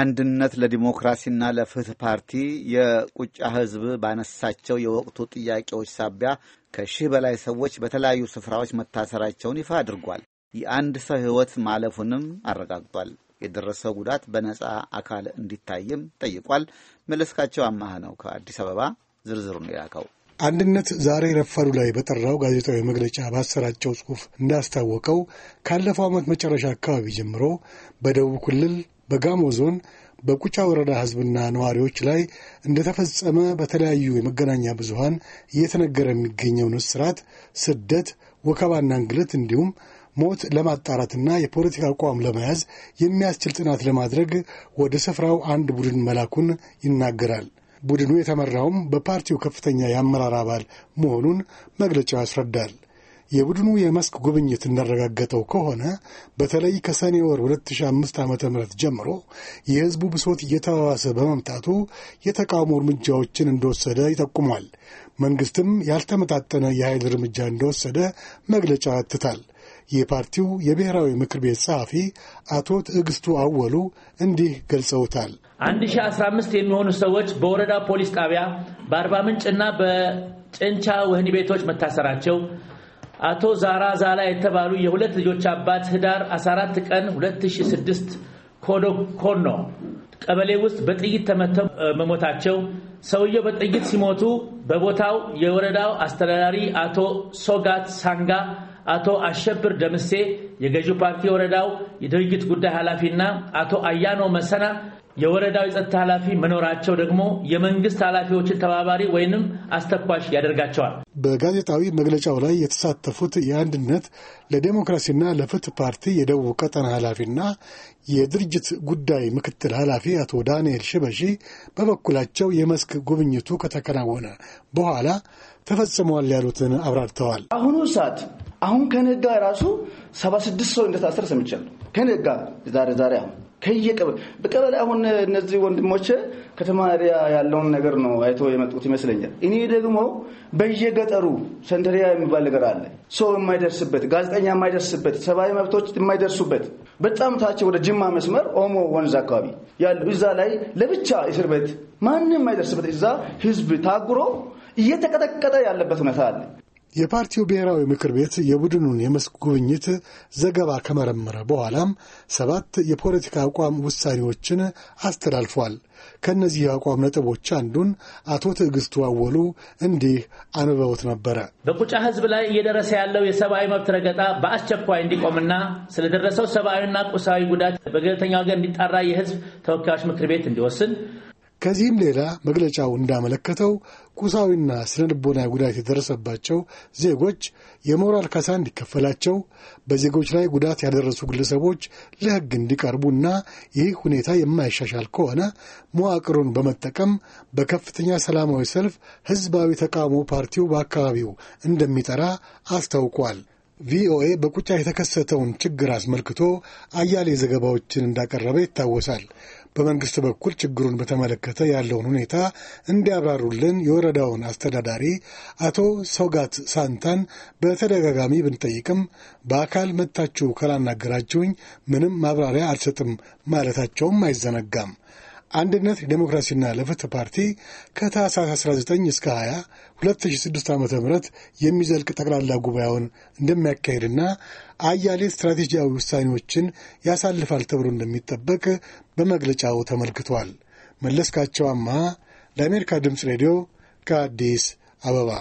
አንድነት ለዲሞክራሲና ለፍትህ ፓርቲ የቁጫ ህዝብ ባነሳቸው የወቅቱ ጥያቄዎች ሳቢያ ከሺህ በላይ ሰዎች በተለያዩ ስፍራዎች መታሰራቸውን ይፋ አድርጓል። የአንድ ሰው ህይወት ማለፉንም አረጋግጧል። የደረሰው ጉዳት በነፃ አካል እንዲታይም ጠይቋል። መለስካቸው አማህ ነው ከአዲስ አበባ ዝርዝሩን የላከው። አንድነት ዛሬ ረፋዱ ላይ በጠራው ጋዜጣዊ መግለጫ ባሰራጨው ጽሑፍ እንዳስታወቀው ካለፈው ዓመት መጨረሻ አካባቢ ጀምሮ በደቡብ ክልል በጋሞ ዞን በቁጫ ወረዳ ሕዝብና ነዋሪዎች ላይ እንደተፈጸመ በተለያዩ የመገናኛ ብዙሃን እየተነገረ የሚገኘውን እስራት፣ ስደት፣ ወከባና እንግልት እንዲሁም ሞት ለማጣራትና የፖለቲካ አቋም ለመያዝ የሚያስችል ጥናት ለማድረግ ወደ ስፍራው አንድ ቡድን መላኩን ይናገራል። ቡድኑ የተመራውም በፓርቲው ከፍተኛ የአመራር አባል መሆኑን መግለጫው ያስረዳል። የቡድኑ የመስክ ጉብኝት እንዳረጋገጠው ከሆነ በተለይ ከሰኔ ወር 2005 ዓ ም ጀምሮ የሕዝቡ ብሶት እየተባባሰ በመምጣቱ የተቃውሞ እርምጃዎችን እንደወሰደ ይጠቁሟል። መንግሥትም ያልተመጣጠነ የኃይል እርምጃ እንደወሰደ መግለጫው ያትታል። የፓርቲው የብሔራዊ ምክር ቤት ጸሐፊ አቶ ትዕግስቱ አወሉ እንዲህ ገልጸውታል። 1015 የሚሆኑ ሰዎች በወረዳ ፖሊስ ጣቢያ በአርባ ምንጭና በጭንቻ ወህኒ ቤቶች መታሰራቸው አቶ ዛራ ዛላ የተባሉ የሁለት ልጆች አባት ህዳር 14 ቀን 2006 ኮዶኮኖ ቀበሌ ውስጥ በጥይት ተመተው መሞታቸው፣ ሰውየው በጥይት ሲሞቱ በቦታው የወረዳው አስተዳዳሪ አቶ ሶጋት ሳንጋ አቶ አሸብር ደምሴ የገዢው ፓርቲ ወረዳው የድርጅት ጉዳይ ኃላፊና አቶ አያኖ መሰና የወረዳው የጸጥታ ኃላፊ መኖራቸው ደግሞ የመንግስት ኃላፊዎችን ተባባሪ ወይንም አስተኳሽ ያደርጋቸዋል። በጋዜጣዊ መግለጫው ላይ የተሳተፉት የአንድነት ለዴሞክራሲና ለፍትህ ፓርቲ የደቡብ ቀጠና ኃላፊና የድርጅት ጉዳይ ምክትል ኃላፊ አቶ ዳንኤል ሽበሺ በበኩላቸው የመስክ ጉብኝቱ ከተከናወነ በኋላ ተፈጽሟል ያሉትን አብራርተዋል። አሁኑ ሰዓት አሁን ከነጋ ራሱ ሰባ ስድስት ሰው እንደታሰር ሰምቻለሁ። ከነጋ ዛሬ ዛሬ አሁን ከየቀበሌ በቀበሌ አሁን እነዚህ ወንድሞች ከተማ ሪያ ያለውን ነገር ነው አይቶ የመጡት ይመስለኛል። እኔ ደግሞ በየገጠሩ ሰንደሪያ የሚባል ነገር አለ። ሰው የማይደርስበት ጋዜጠኛ የማይደርስበት ሰብአዊ መብቶች የማይደርሱበት በጣም ታች ወደ ጅማ መስመር ኦሞ ወንዝ አካባቢ ያሉ እዛ ላይ ለብቻ እስር ቤት ማንም የማይደርስበት እዛ ህዝብ ታጉሮ እየተቀጠቀጠ ያለበት ሁኔታ አለ። የፓርቲው ብሔራዊ ምክር ቤት የቡድኑን የመስክ ጉብኝት ዘገባ ከመረመረ በኋላም ሰባት የፖለቲካ አቋም ውሳኔዎችን አስተላልፏል። ከእነዚህ የአቋም ነጥቦች አንዱን አቶ ትዕግስቱ አወሉ እንዲህ አንበውት ነበረ። በቁጫ ሕዝብ ላይ እየደረሰ ያለው የሰብአዊ መብት ረገጣ በአስቸኳይ እንዲቆምና ስለደረሰው ሰብአዊና ቁሳዊ ጉዳት በገለልተኛ ወገን እንዲጣራ የሕዝብ ተወካዮች ምክር ቤት እንዲወስን ከዚህም ሌላ መግለጫው እንዳመለከተው ቁሳዊና ስነልቦናዊ ጉዳት የደረሰባቸው ዜጎች የሞራል ካሳ እንዲከፈላቸው፣ በዜጎች ላይ ጉዳት ያደረሱ ግለሰቦች ለሕግ እንዲቀርቡና ይህ ሁኔታ የማይሻሻል ከሆነ መዋቅሩን በመጠቀም በከፍተኛ ሰላማዊ ሰልፍ ሕዝባዊ ተቃውሞ ፓርቲው በአካባቢው እንደሚጠራ አስታውቋል። ቪኦኤ በቁጫ የተከሰተውን ችግር አስመልክቶ አያሌ ዘገባዎችን እንዳቀረበ ይታወሳል። በመንግስት በኩል ችግሩን በተመለከተ ያለውን ሁኔታ እንዲያብራሩልን የወረዳውን አስተዳዳሪ አቶ ሰውጋት ሳንታን በተደጋጋሚ ብንጠይቅም በአካል መታችሁ ካላናገራችሁኝ ምንም ማብራሪያ አልሰጥም ማለታቸውም አይዘነጋም። አንድነት ዴሞክራሲና ለፍትህ ፓርቲ ከታህሳስ 19 እስከ 20 2006 ዓ ም የሚዘልቅ ጠቅላላ ጉባኤውን እንደሚያካሄድና አያሌ ስትራቴጂያዊ ውሳኔዎችን ያሳልፋል ተብሎ እንደሚጠበቅ በመግለጫው ተመልክቷል። መለስካቸው አማሃ ለአሜሪካ ድምፅ ሬዲዮ ከአዲስ አበባ